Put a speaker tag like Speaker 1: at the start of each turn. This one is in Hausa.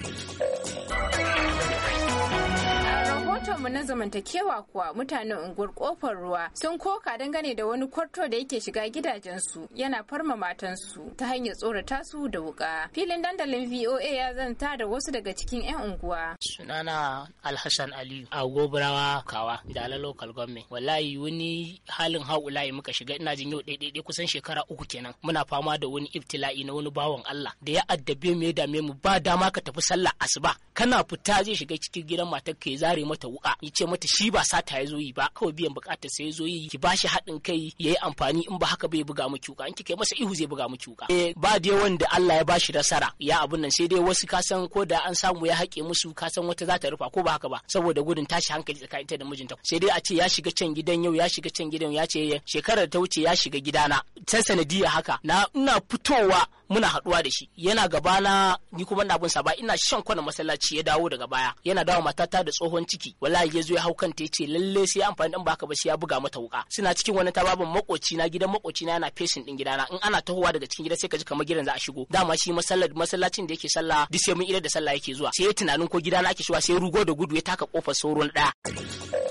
Speaker 1: え namu na zamantakewa kuwa mutanen unguwar kofar ruwa sun koka dangane da wani kwarto da yake shiga gidajensu yana farma matansu ta hanyar tsorata su da wuka. Filin dandalin VOA ya zanta da wasu daga cikin 'yan unguwa.
Speaker 2: Sunana Alhassan Aliyu a Gobrawa Kawa da Ala Local Government. Wallahi wani halin haulayi muka shiga ina jin yau ɗaiɗaiɗai kusan shekara uku kenan muna fama da wani ibtila'i na wani bawan Allah da ya addabe mu ya dame mu ba dama ka tafi sallah asuba kana fita zai shiga cikin gidan matar ka ya zare mata wuka Yi ya ce mata shi ba sata ya zo yi ba kawai biyan bukatar sai ya zo yi ki bashi haɗin kai ya yi amfani in ba haka bai buga miki wuka in ki kai masa ihu zai buga miki wuka eh ba yawan da Allah ya bashi nasara ya abun nan sai dai wasu ka san ko da an samu ya haƙe musu kasan wata za ta rufa ko ba haka ba saboda gudun tashi hankali tsakanin ta da mijinta sai dai a ce ya shiga can gidan yau ya shiga can gidan ya ce shekarar ta wuce ya shiga gidana ta sanadiyya haka na ina fitowa muna haɗuwa da shi yana gaba na ni kuma na sa ba ina shan kwana masallaci ya dawo daga baya yana dawo matata da tsohon ciki wallahi ya zo ya hau kanta ya lalle sai amfani dan baka ba shi ya buga mata wuka suna cikin wani tababin makoci na gidan makoci na yana feshin din gidana in ana tahowa daga cikin gida sai ka ji kamar gidan za a shigo dama shi masallacin da yake sallah duk sai mun ida da sallah yake zuwa sai ya tunanin ko gidana ake shiwa sai rugo da gudu ya taka kofar sauro na daya